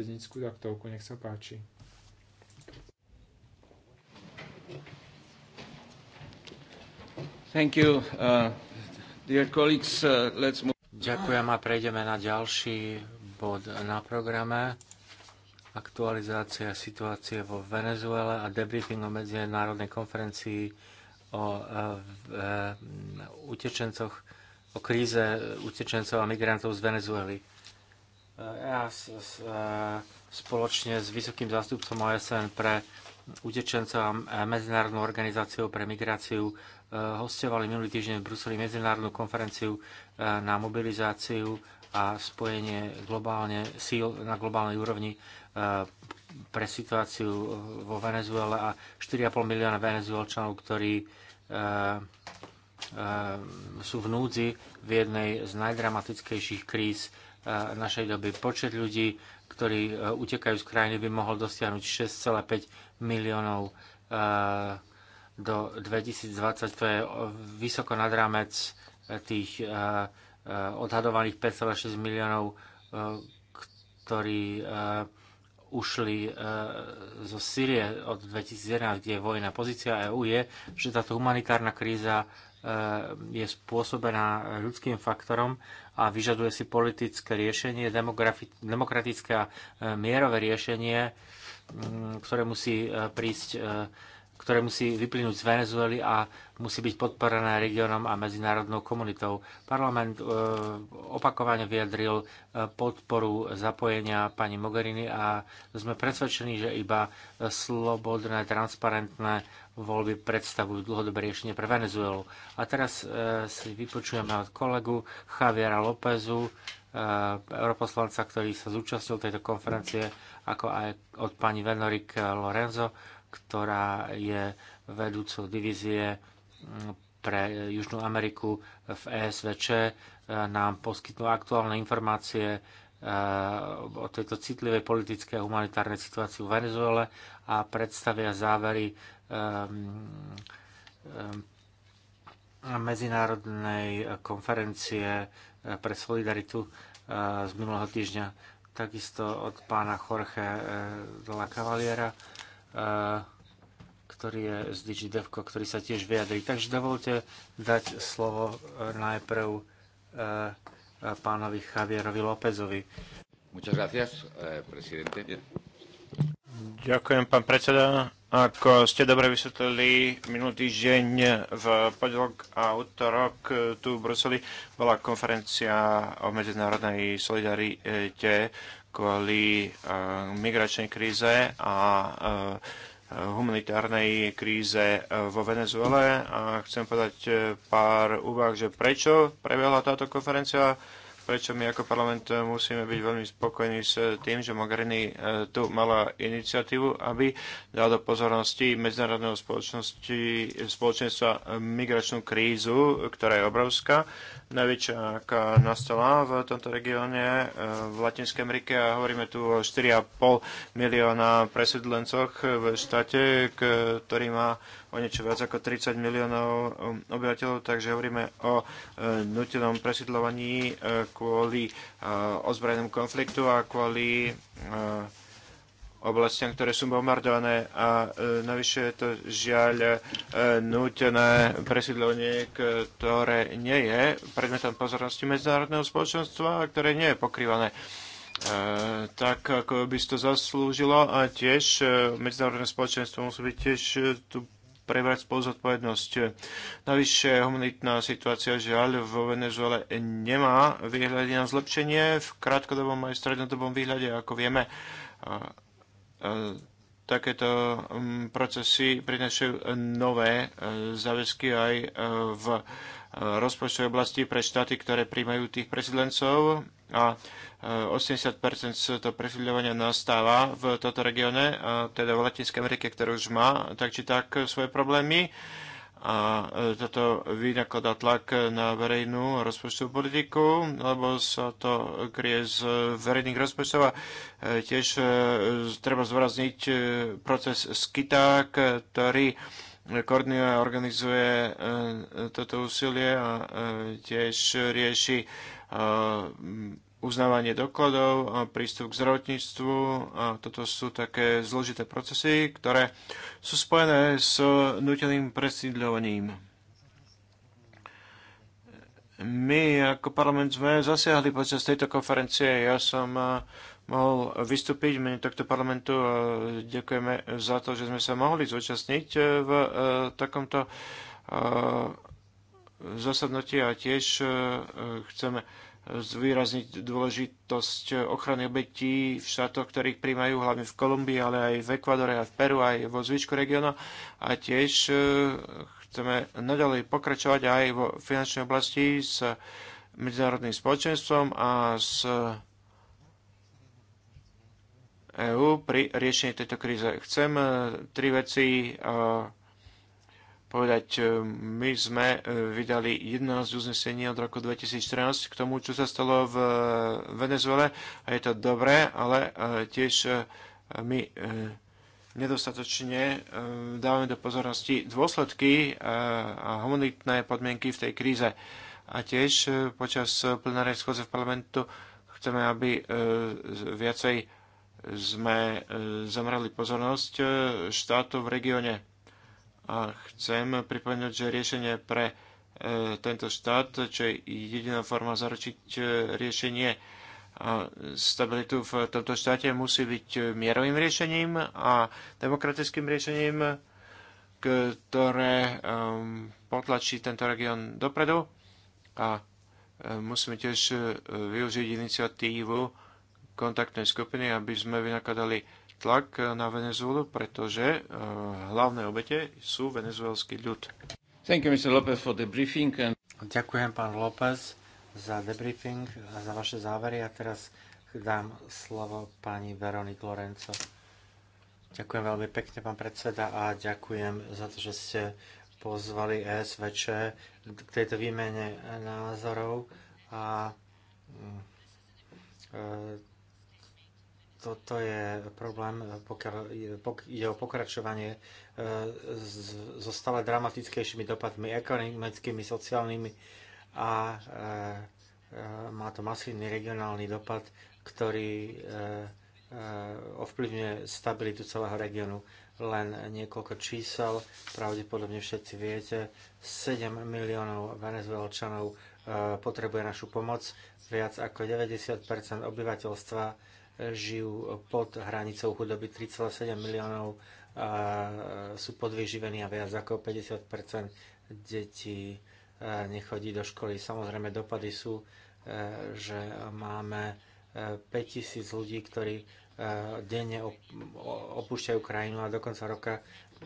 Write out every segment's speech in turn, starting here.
väznickú taktovku. Nech sa páči. Thank you, uh, dear colleagues. Uh, let's move. Ďakujem a prejdeme na ďalší bod na programe. Aktualizácia situácie vo Venezuele a debriefing o medzinárodnej konferencii o uh, uh, utečencoch, o kríze utečencov a migrantov z Venezuely. EAS e, spoločne s vysokým zástupcom OSN pre utečencov a Medzinárodnou organizáciou pre migráciu e, hostovali minulý týždeň v Bruseli medzinárodnú konferenciu e, na mobilizáciu a spojenie globálne síl na globálnej úrovni pre situáciu vo Venezuele a 4,5 milióna venezuelčanov, ktorí sú v núdzi v jednej z najdramatickejších kríz našej doby. Počet ľudí, ktorí e, utekajú z krajiny, by mohol dosiahnuť 6,5 miliónov e, do 2020. To je e, vysoko nad rámec tých odhadovaných 5,6 miliónov, ktorí ušli zo Syrie od 2011, kde je vojna. Pozícia EÚ je, že táto humanitárna kríza Eh, je spôsobená ľudským faktorom a vyžaduje si politické riešenie, demokratické a eh, mierové riešenie, mm, ktoré musí eh, prísť ktoré musí vyplynúť z Venezuely a musí byť podporené regiónom a medzinárodnou komunitou. Parlament opakovane vyjadril podporu zapojenia pani Mogherini a sme presvedčení, že iba slobodné, transparentné voľby predstavujú dlhodobé riešenie pre Venezuelu. A teraz e, si vypočujeme od kolegu Javiera Lópezu, e, europoslanca, ktorý sa zúčastnil tejto konferencie, ako aj od pani Venorik Lorenzo, ktorá je vedúcou divízie pre Južnú Ameriku v ESVČ. E, nám poskytnú aktuálne informácie o tejto citlivej politickej a humanitárnej situácii v Venezuele a predstavia závery um, um, medzinárodnej konferencie eh, pre solidaritu eh, z minulého týždňa. Takisto od pána Jorge eh, de la Cavaliera, ktorý je z DigiDevco, ktorý sa tiež vyjadrí. Takže dovolte dať slovo najprv pánovi Javierovi Lópezovi. Eh, Ďakujem, pán predseda. Ako ste dobre vysvetlili, minulý týždeň v pondelok a útorok tu v Bruseli bola konferencia o medzinárodnej solidarite kvôli eh, migračnej kríze a eh, humanitárnej kríze eh, vo Venezuele a chcem povedať eh, pár úvah, že prečo prebehla táto konferencia prečo my ako parlament eh, musíme byť veľmi spokojní s eh, tým, že Mogherini eh, tu mala iniciatívu, aby dal do pozornosti medzinárodného spoločnosti, spoločenstva migračnú krízu, ktorá je obrovská, najväčšia, aká nastala v tomto regióne v Latinskej Amerike a hovoríme tu o 4,5 milióna presedlencoch v štáte, ktorý má o niečo viac ako 30 miliónov um, obyvateľov, takže hovoríme o e, nutenom presidlovaní e, kvôli e, ozbrojenému konfliktu a kvôli oblastiam, ktoré sú bombardované a e, navyše je to žiaľ e, nutené presídľovanie, ktoré nie je predmetom pozornosti medzinárodného spoločenstva a ktoré nie je pokrývané e, tak, ako by si to zaslúžilo a tiež e, medzinárodné spoločenstvo musí byť tiež e, tu prebrať zodpovednosť. Navyše humanitná situácia žiaľ vo Venezuele nemá výhľady na zlepšenie v krátkodobom aj strednodobom výhľade, ako vieme takéto mm, procesy prinašajú nové e, záväzky aj e, v e, rozpočtovej oblasti pre štáty, ktoré príjmajú tých presidlencov a 80% e, z toho presídľovania nastáva v tomto regióne, teda v Latinskej Amerike, ktorá už má tak či tak svoje problémy a e, toto vynakladá tlak na verejnú rozpočtovú politiku, lebo sa to kryje z verejných rozpočtov a e, tiež treba zvorazniť proces SKITA, ktorý koordinuje a organizuje e, toto úsilie a e, tiež rieši e, uznávanie dokladov a prístup k zdravotníctvu. A toto sú také zložité procesy, ktoré sú spojené s nuteným presídľovaním. My ako parlament sme zasiahli počas tejto konferencie. Ja som mohol vystúpiť v mene tohto parlamentu. Ďakujeme za to, že sme sa mohli zúčastniť e, v e, takomto e, zasadnutí a tiež chceme zvýrazniť dôležitosť ochrany obetí v štátoch, ktorých príjmajú, hlavne v Kolumbii, ale aj v Ekvadore, a v Peru, aj vo zvyšku regióna. A tiež chceme naďalej pokračovať aj vo finančnej oblasti s medzinárodným spoločenstvom a s EÚ pri riešení tejto kríze. Chcem e, tri veci e, povedať. E, my sme vydali 11 uznesení od roku 2014 k tomu, čo sa stalo v Venezuele a je to dobré, ale tiež my nedostatočne dávame do pozornosti dôsledky a humanitné podmienky v tej kríze. A tiež počas plenárnej schôdze v parlamentu chceme, aby viacej sme e, zamrali pozornosť e, štátov v regióne. A chcem pripomenúť, že riešenie pre e, tento štát, čo je jediná forma zaručiť riešenie a stabilitu v tomto štáte, musí byť mierovým riešením a demokratickým riešením, ktoré potlačí tento región dopredu. A musíme tiež využiť iniciatívu kontaktnej skupiny, aby sme vynakladali tlak na Venezuelu, pretože eh, hlavné obete sú venezuelský ľud. Thank you, Mr. Lopez, for the briefing. And... Ďakujem, pán López, za debriefing a za vaše závery. A teraz dám slovo pani Veronik Lorenzo. Ďakujem veľmi pekne, pán predseda, a ďakujem za to, že ste pozvali ESVČ k tejto výmene názorov a mm, eh, toto je problém, pokiaľ je o pokračovanie e, so stále dramatickejšími dopadmi ekonomickými, sociálnymi a e, e, má to masívny regionálny dopad, ktorý ovplyvňuje stabilitu celého regiónu. Len niekoľko čísel, pravdepodobne všetci viete, 7 miliónov venezuelčanov potrebuje našu pomoc, viac ako 90 obyvateľstva žijú pod hranicou chudoby 3,7 miliónov a sú podvyživení a viac ako 50 detí nechodí do školy. Samozrejme, dopady sú, e, že máme 5000 e, ľudí, ktorí e, denne opúšťajú krajinu a do konca roka,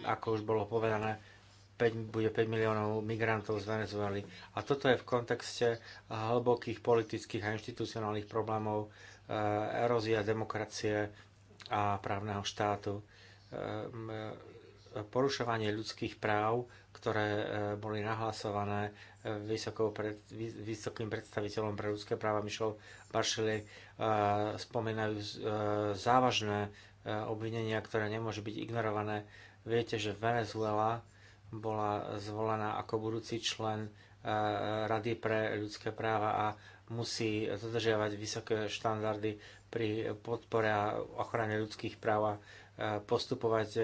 ako už bolo povedané, 5, bude 5 miliónov migrantov z Venezuely. A toto je v kontexte hlbokých politických a inštitucionálnych problémov, e, erózia demokracie a právneho štátu, e, porušovanie ľudských práv, ktoré e, boli nahlasované pred, vysokým predstaviteľom pre ľudské práva Michel Bachelet, spomínajú závažné obvinenia, ktoré nemôžu byť ignorované. Viete, že Venezuela bola zvolená ako budúci člen e, Rady pre ľudské práva a musí zadržiavať vysoké štandardy pri podpore a ochrane ľudských práv a e, postupovať e,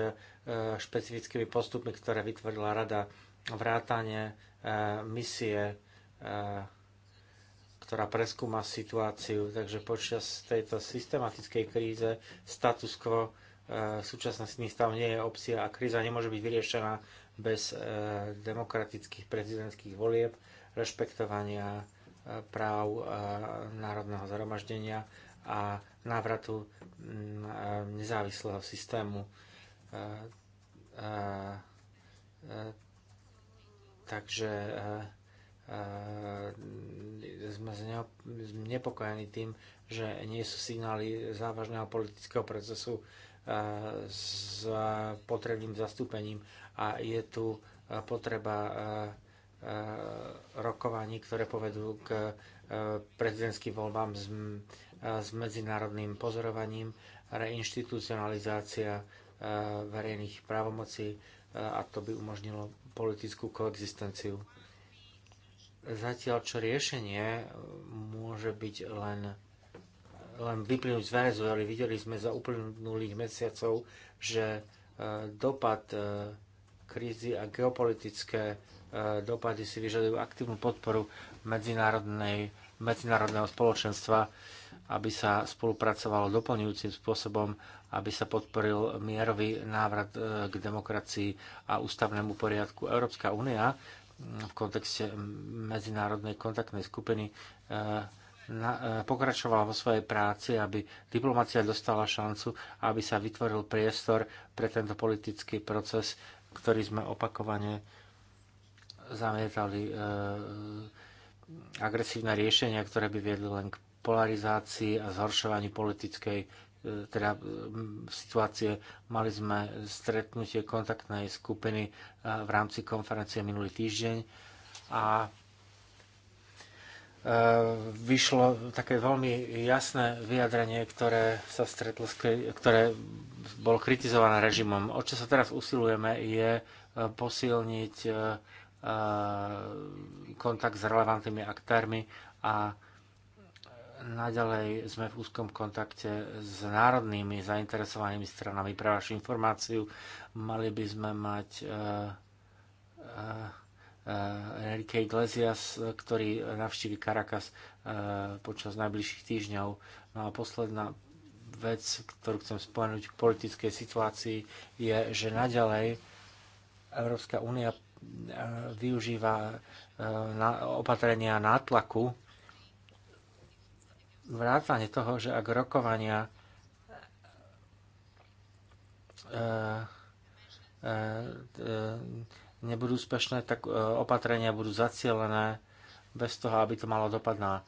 špecifickými postupmi, ktoré vytvorila Rada vrátanie misie, ktorá preskúma situáciu. Takže počas tejto systematickej kríze status quo súčasný stav nie je opcia a kríza nemôže byť vyriešená bez e, demokratických prezidentských volieb, rešpektovania e, práv e, národného zhromaždenia a návratu nezávislého systému. Takže sme znepokojení tým, že nie sú signály závažného politického procesu s potrebným zastúpením a je tu e, potreba e, e, rokovaní, ktoré povedú k prezidentským voľbám s, medzinárodným pozorovaním, reinstitucionalizácia verejných právomocí a to by umožnilo politickú koexistenciu. Zatiaľ, čo riešenie môže byť len len vyplynúť z Venezuely. Videli sme za uplynulých mesiacov, že e, dopad e, krízy a geopolitické e, dopady si vyžadujú aktívnu podporu medzinárodnej, medzinárodného spoločenstva, aby sa spolupracovalo doplňujúcim spôsobom, aby sa podporil mierový návrat k demokracii a ústavnému poriadku. Európska únia v kontexte medzinárodnej kontaktnej skupiny E, pokračovala vo svojej práci, aby diplomacia dostala šancu, aby sa vytvoril priestor pre tento politický proces, ktorý sme opakovane zamietali. E, agresívne riešenia, ktoré by viedli len k polarizácii a zhoršovaniu politickej e, teda situácie. Mali sme stretnutie kontaktnej skupiny e, v rámci konferencie minulý týždeň a Eh, vyšlo také veľmi jasné vyjadrenie, ktoré sa stretlo, ktoré bolo kritizované režimom. O čo sa teraz usilujeme je eh, posilniť eh, kontakt s relevantnými aktérmi a naďalej sme v úzkom kontakte s národnými zainteresovanými stranami. Pre vašu informáciu mali by sme mať Eh, Enrique Iglesias, eh, ktorý navštívi Caracas eh, počas najbližších týždňov. No a posledná vec, ktorú chcem spomenúť k politickej situácii, je, že naďalej Európska únia využíva opatrenia nátlaku vrátane toho, že ak rokovania e, e, e, nebudú úspešné, tak e, opatrenia budú zacielené bez toho, aby to malo dopad na e,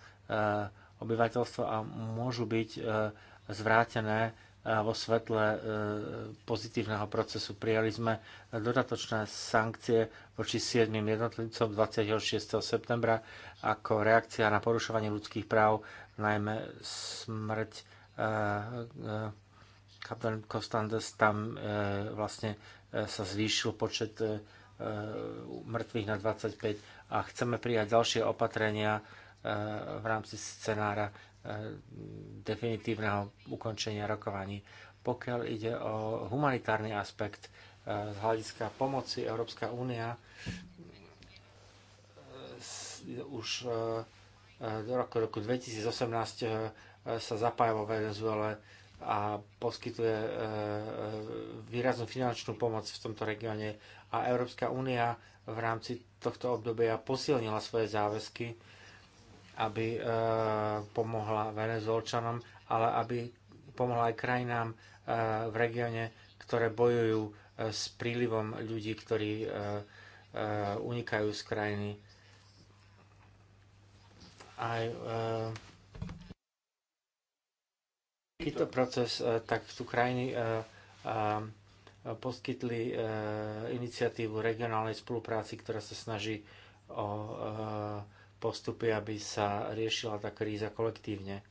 obyvateľstvo a môžu byť e, zvrátené vo svetle pozitívneho procesu. Prijali sme dodatočné sankcie voči 7 jednotlivcom 26. septembra ako reakcia na porušovanie ľudských práv, najmä smrť kapitán Kostandes tam vlastne sa zvýšil počet E, mŕtvych na 25 a chceme prijať ďalšie opatrenia e, v rámci scenára e, definitívneho ukončenia rokovaní. Pokiaľ ide o humanitárny aspekt z hľadiska pomoci Európska únia už do roku, roku 2018 sa zapája vo Venezuele a poskytuje výraznú finančnú pomoc v tomto regióne a Európska únia v rámci tohto obdobia posilnila svoje záväzky, aby e, pomohla Venezuelčanom, ale aby pomohla aj krajinám e, v regióne, ktoré bojujú e, s prílivom ľudí, ktorí e, e, unikajú z krajiny. Aj, e, takýto proces e, tak tu krajiny e, e, poskytli e, iniciatívu regionálnej spolupráci, ktorá sa snaží o e, postupy, aby sa riešila tá kríza kolektívne.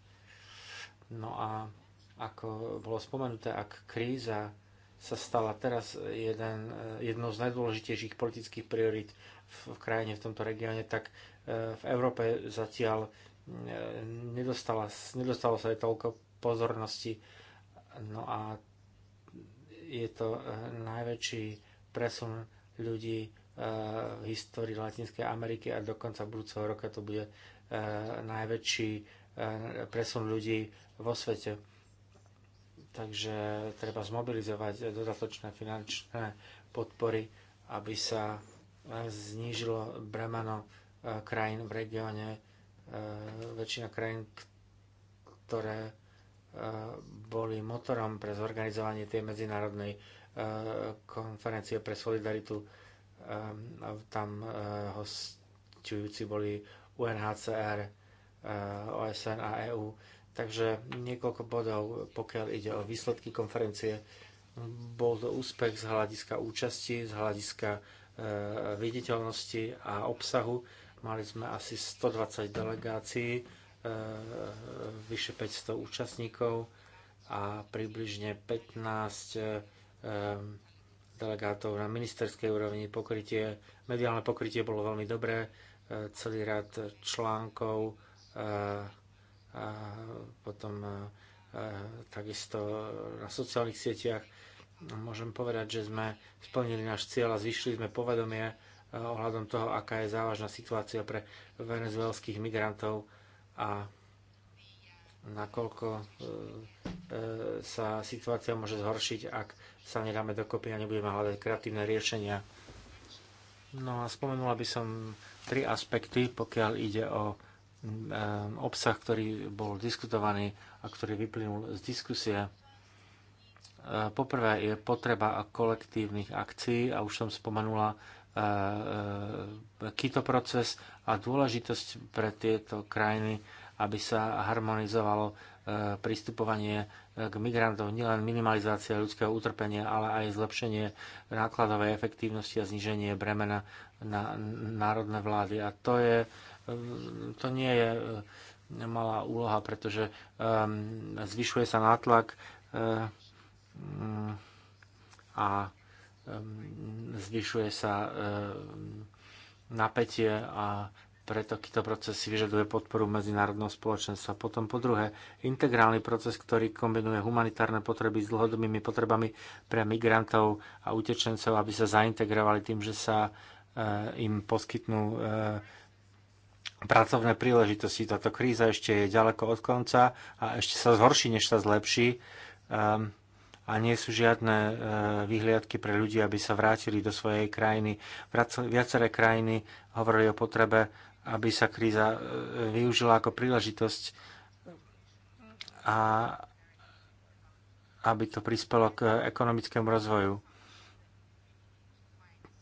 No a ako bolo spomenuté, ak kríza sa stala teraz jeden, e, jednou z najdôležitejších politických priorit v, v krajine, v tomto regióne, tak v Európe zatiaľ nedostalo sa aj toľko pozornosti. No a je to eh, najväčší presun ľudí eh, v histórii Latinskej Ameriky a do konca budúceho roka to bude eh, najväčší presun ľudí vo svete. Takže treba zmobilizovať dodatočné finančné podpory, aby sa znížilo bremeno krajín v regióne. Väčšina krajín, ktoré boli motorom pre zorganizovanie tej medzinárodnej e, konferencie pre solidaritu. E, tam e, hostujúci boli UNHCR, OSN a EU. Takže niekoľko bodov, pokiaľ ide o výsledky konferencie. Bol to úspech z hľadiska účasti, z hľadiska viditeľnosti a obsahu. Mali sme asi 120 delegácií E, vyše 500 účastníkov a približne 15 e, delegátov na ministerskej úrovni. Pokrytie, mediálne pokrytie bolo veľmi dobré, e, celý rad článkov, a potom takisto na sociálnych sieťach. Môžem povedať, že sme splnili náš cieľ a zvyšili sme povedomie ohľadom toho, aká je závažná situácia pre venezuelských migrantov a nakoľko e, e, sa situácia môže zhoršiť, ak sa nedáme dokopy a nebudeme hľadať kreatívne riešenia. No a spomenula by som tri aspekty, pokiaľ ide o e, obsah, ktorý bol diskutovaný a ktorý vyplynul z diskusie. E, poprvé je potreba kolektívnych akcií a už som spomenula E, Kito proces a dôležitosť pre tieto krajiny, aby sa harmonizovalo e, pristupovanie e, k migrantov, nielen minimalizácia ľudského utrpenia, ale aj zlepšenie nákladovej efektívnosti a zníženie bremena na národné vlády. A to, je, to nie je malá úloha, pretože zvyšuje sa nátlak a zvyšuje sa napätie a preto takýto proces si vyžaduje podporu medzinárodného spoločenstva. Potom po druhé, integrálny proces, ktorý kombinuje humanitárne potreby s dlhodobými potrebami pre migrantov a utečencov, aby sa zaintegrovali tým, že sa eh, im poskytnú eh, pracovné príležitosti. Táto kríza ešte je ďaleko od konca a ešte sa zhorší, než sa zlepší a nie sú žiadne e, vyhliadky pre ľudí, aby sa vrátili do svojej krajiny. Viaceré krajiny hovorili o potrebe, aby sa kríza e, využila ako príležitosť a aby to prispelo k ekonomickému rozvoju.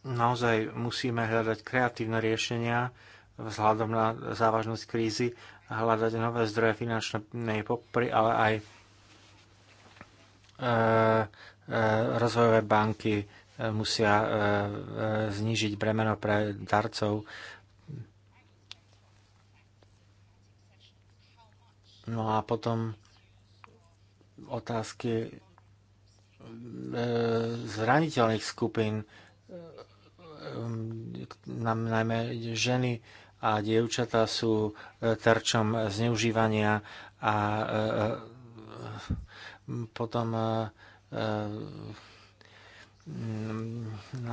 Naozaj musíme hľadať kreatívne riešenia vzhľadom na závažnosť krízy a hľadať nové zdroje finančnej podpory, ale aj E, e, rozvojové banky e, musia znížiť bremeno pre darcov. No a potom otázky zraniteľných skupín, najmä ženy a dievčatá sú terčom zneužívania a potom e, e,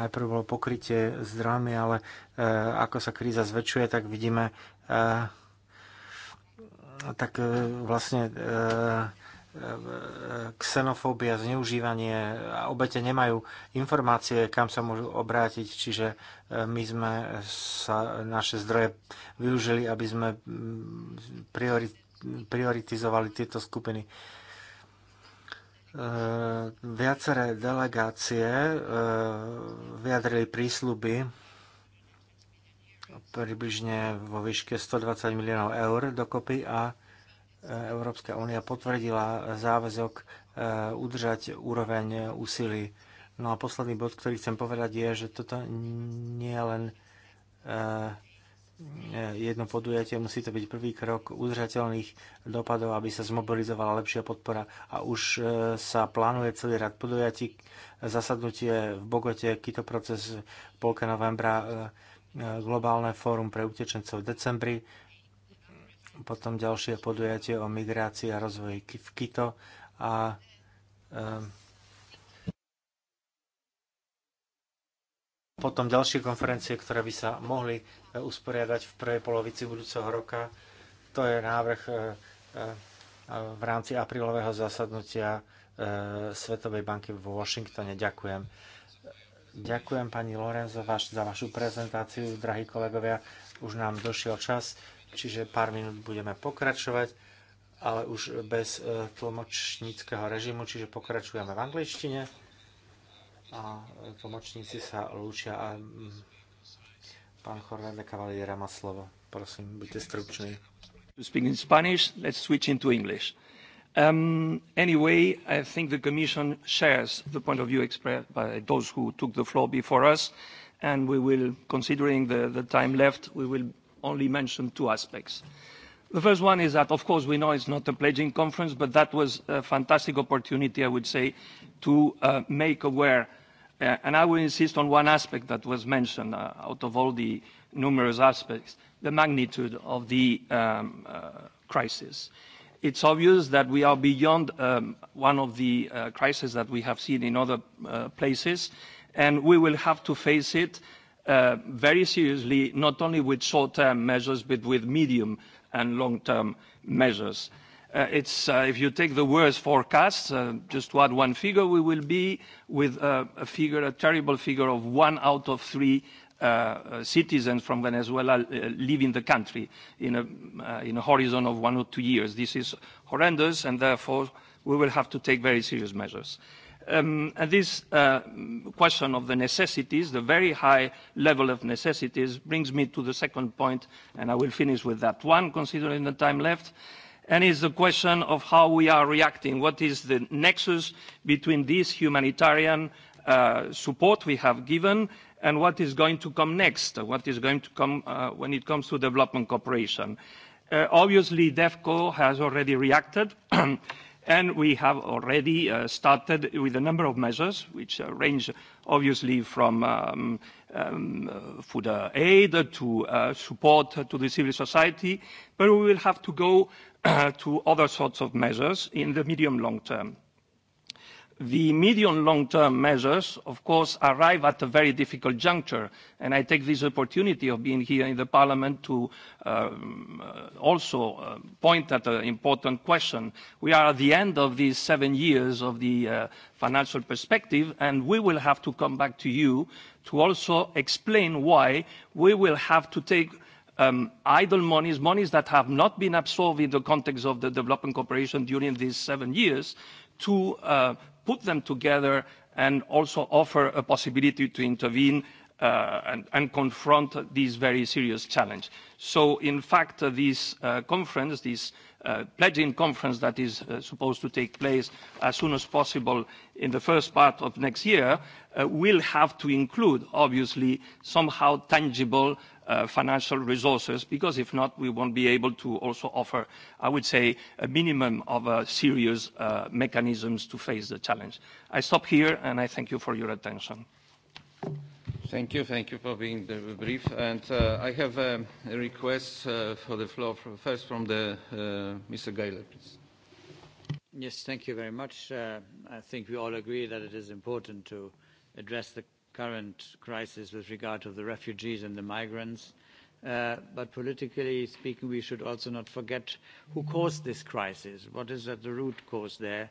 najprv bolo pokrytie zdrami, ale e, ako sa kríza zväčšuje, tak vidíme, tak vlastne xenofóbia, zneužívanie a obete nemajú informácie, kam sa môžu obrátiť, čiže my sme sa naše zdroje využili, aby sme prioritizovali tieto skupiny. Eh, viaceré delegácie eh, vyjadrili prísľuby približne vo výške 120 miliónov eur dokopy a eh, Európska únia potvrdila záväzok udržať úroveň úsilí. No a posledný bod, ktorý chcem povedať, je, že toto nie je len jedno podujatie, musí to byť prvý krok udržateľných dopadov, aby sa zmobilizovala lepšia podpora a už e, sa plánuje celý rad podujatí, zasadnutie v Bogote, Kito proces polka novembra, e, e, globálne fórum pre utečencov v decembri, potom ďalšie podujatie o migrácii a rozvoji v Kito a potom ďalšie konferencie, ktoré by sa mohli e, usporiadať v prvej polovici budúceho roka. To je návrh e, e, v rámci aprílového zasadnutia Svetovej banky vo Washingtone. Ďakujem. Ďakujem pani Lorenzo vaš, za vašu prezentáciu, drahí kolegovia. Už nám došiel čas, čiže pár minút budeme pokračovať, ale už bez tlmočníckého režimu, čiže pokračujeme v angličtine a tlmočníci sa lúčia a mm, pán Jorge Cavaliera má slovo. Prosím, buďte stručný. To speak in Spanish, let's switch into English. Um, anyway, I think the Commission shares the point of view expressed by those who took the floor before us, and we will, considering the, the time left, we will only mention two aspects. The first one is that, of course, we know it's not a pledging conference, but that was a fantastic opportunity, I would say, to uh, make aware Uh, and I will insist on one aspect that was mentioned uh, out of all the numerous aspects, the magnitude of the um, uh, crisis. It's obvious that we are beyond um, one of the uh, crises that we have seen in other uh, places, and we will have to face it uh, very seriously, not only with short-term measures, but with medium and long-term measures. Uh, Uh, it's, uh, if you take the worst forecasts, uh, just to add one figure, we will be with uh, a figure, a terrible figure of one out of three uh, uh citizens from Venezuela uh, leaving the country in a, uh, in a horizon of one or two years. This is horrendous, and therefore we will have to take very serious measures. Um, and this uh, question of the necessities, the very high level of necessities, brings me to the second point, and I will finish with that one, considering the time left and is the question of how we are reacting. What is the nexus between this humanitarian uh, support we have given and what is going to come next, what is going to come uh, when it comes to development cooperation. Uh, obviously, DEFCO has already reacted, and we have already uh, started with a number of measures, which uh, range obviously from um, um, uh, food aid to uh, support to the civil society. But we will have to go uh, to other sorts of measures in the medium long term. The medium long-term measures, of course, arrive at a very difficult juncture, and I take this opportunity of being here in the parliament to uh, also uh, point at an important question. We are at the end of these seven years of the uh, financial perspective, and we will have to come back to you to also explain why we will have to take um, idle monies, monies that have not been absorbed in the context of the development cooperation during these seven years, to uh, put them together and also offer a possibility to intervene uh, and, and confront this very serious challenge. So, in fact, uh, this uh, conference, this Uh, pledging conference that is uh, supposed to take place as soon as possible in the first part of next year uh, will have to include, obviously, somehow tangible Uh, financial resources, because if not, we won't be able to also offer, I would say, a minimum of uh, serious uh, mechanisms to face the challenge. I stop here, and I thank you for your attention. Thank you. Thank you for being brief. And uh, I have um, a request uh, for the floor from, first from the, uh, Mr. Geiler, please. Yes, thank you very much. Uh, I think we all agree that it is important to address the current crisis with regard to the refugees and the migrants. Uh, but politically speaking, we should also not forget who caused this crisis. What is at the root cause there?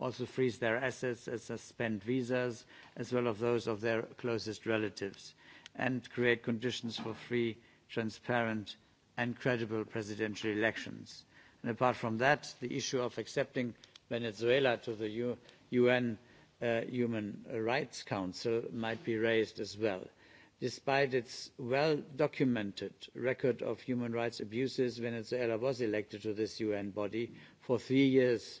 also freeze their assets and suspend visas, as well as those of their closest relatives, and create conditions for free, transparent, and credible presidential elections. And apart from that, the issue of accepting Venezuela to the U UN uh, Human Rights Council might be raised as well. Despite its well-documented record of human rights abuses, Venezuela was elected to this UN body for three years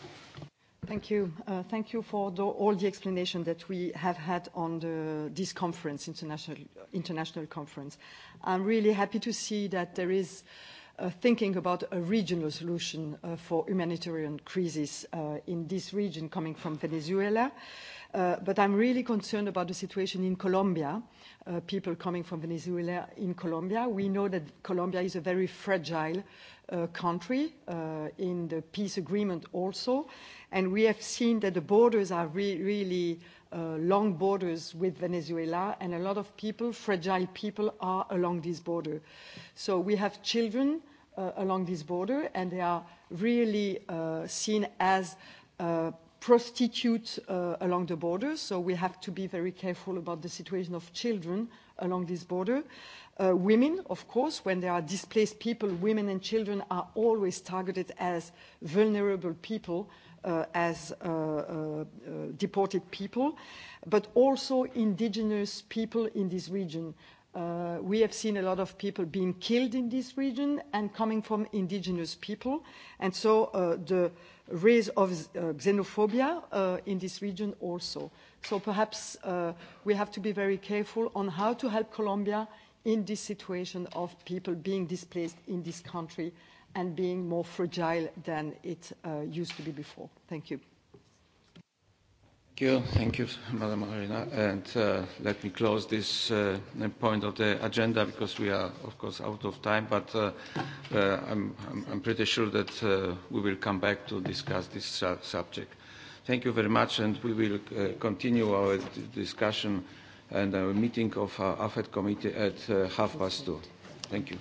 Thank you. Uh, thank you for the, all the explanation that we have had on the, this conference, international, conference. I'm really happy to see that there is uh, thinking about a regional solution uh, for humanitarian crisis in this region coming from Venezuela. Uh, but I'm really concerned about the situation in Colombia, uh, people coming from Venezuela in Colombia. We know that Colombia is a very fragile uh, country uh, in the peace agreement also. And we have seen that the borders are re really uh, long borders with Venezuela, and a lot of people, fragile people, are along this border. So we have children uh, along this border, and they are really uh, seen as uh, prostitutes uh, along the border, so we have to be very careful about the situation of children along this border. Uh, women, of course, when there are displaced people, women and children are always targeted as vulnerable people, uh, as uh, uh, uh, deported people, but also indigenous people in this region Uh, we have seen a lot of people being killed in this region and coming from indigenous people. And so uh, the rise of uh, xenophobia uh, in this region also. So perhaps uh, we have to be very careful on how to help Colombia in this situation of people being displaced in this country and being more fragile than it uh, used to be before. Thank you. Thank you. Thank you, Madam Arena. And uh, let me close this uh, point of the agenda because we are, of course, out of time. But uh, uh, I'm, I'm pretty sure that uh, we will come back to discuss this su subject. Thank you very much, and we will uh, continue our discussion and our meeting of our AFET committee at uh, half past two. Thank you.